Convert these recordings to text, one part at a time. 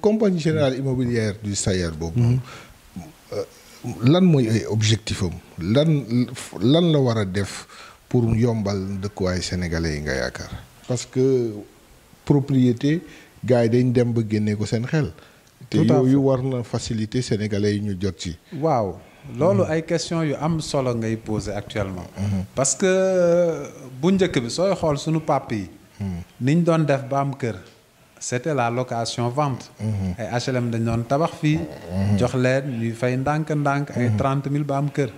compagnie générale immobilière du Sayer boobu. Euh, lan mooy ay objectif lan lan la war a def pour yombal dëkkuwaay sénégalais yi nga yaakaar. parce que propriété gars yi dañ dem ba génnee ko seen xel. te yooyu war na facilité sénégalais yi ñu jot ci. waaw loolu hmm. ay question yu am solo ngay poser actuellement. Hmm. parce que euh, bu njëkk bi sooy xool sunu pàpp yi. Hmm. niñ doon def ba am kër. c'était la location vente. ay mhm. HLM dañ doon tabax fii. Mhm. jox leen ñuy fay ndànk-ndànk. ay mhm. trente mille ba am kër.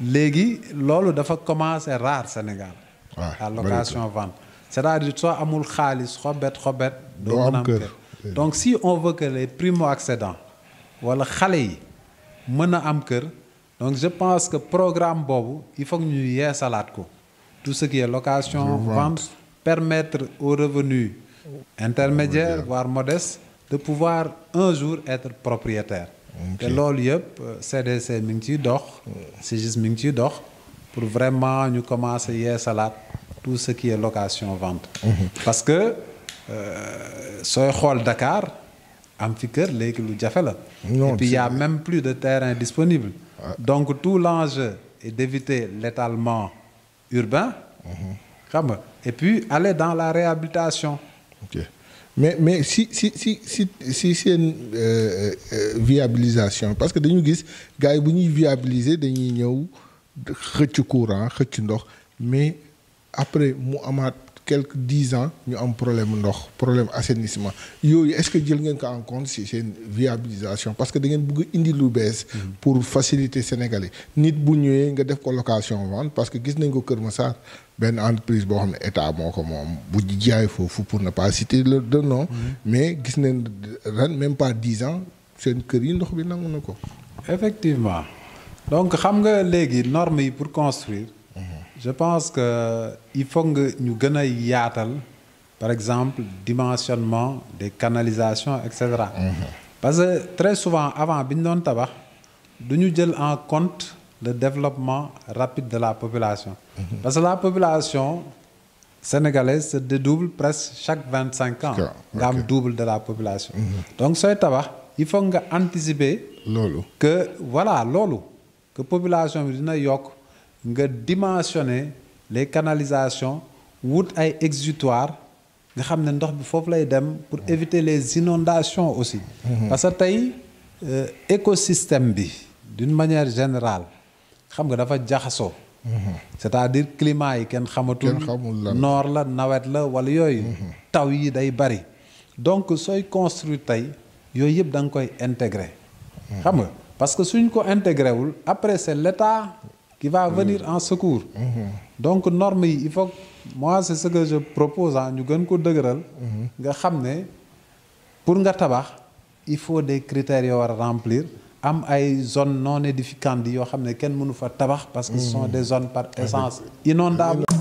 léegi loolu dafa commencé rare Sénégal. waaw ah, la location vente. cest à soo amul xaalis xobet xobet. doo mën a am kër donc si on veut que les primo-accédants wala xale yi mën a am kër donc je pense que programme boobu il faut que ñu yeesalaat ko tout ce qui location vente permettre aux revenus. intermédiaire voire modeste de pouvoir un jour être propriétaire te loolu yëpp CDC euh, mi ngi ciy dox CIGIS mi ngi ciy dox pour vraiment ñu commencer yeesalaat tout ce qui est location vente mhm. parce que euh, sooy xool Dakar am fi kër léegi lu jafe la et puis y même plus de terrain disponible donc tout l'enjeu est d'éviter l'étalement urbain mhm. xam nga et puis aller dans la réhabilitation mais mais si si si si si seen euh, euh, euh, viabilisation parce que dañu gis gars yi bu ñuy viabiliser dañuy ñëw xëcc courant xëcc ndox mais après mu amaat quelques dix ans ñu am problème ndox problème assainissement yooyu est-ce que jël ngeen ko en compte si seen viabilisation parce que da ngeen bëgg indi lu bees. Mm-hmm. pour faciliter Sénégalais nit bu ñëwee nga def ko location vente parce que gis nañ ko Kër Massar benn entreprise boo xam ne état moo ko moom bu jaay foofu pour ne pas citer le de no mm-hmm. mais gis nañ ren même pas dix ans seen kër yi ndox bi nangu na ko. effectivement donc xam nga léegi normes yi pour construire. je pense que il faut nga ñu gën a yaatal par exemple dimensionnement des canalisation et cetera. Mm-hmm. parce que très souvent avant bi ñu doon tabax du ñu jël en compte le développement rapide de la population. Mm-hmm. parce que la population sénégalaise se dédouble presque chaque vingt cinq ans. nga am double de la population. Mm-hmm. donc sooy tabax il faut nga anticiper. loolu que voilà loolu que population bi dina yokk. nga dimensionner les canalisation wut ay exutoire nga xam ne ndox bi foofu lay dem pour éviter les inondations aussi mhm. parce que tey euh, écosystème bi d'une manière générale xam nga dafa jaxasoo mhm. c'est-à-dire climat yi kenn xamatul noor la nawet la wala yooyu mhm. taw yi day bari donc sooy construire tey yooyu yëpp da nga koy intégrer xam nga parce suñ ko intégré wul après c'est l'état qui va venir en secours. donc normes yi il faut moi c'est ce que je propose ñu gën ko dëgëral. nga xam ne pour nga tabax il faut des critères yoo war a remplir am ay zones non édificantes yoo xam ne kenn mënu fa tabax. parce que ce sont des zones par essence inondables.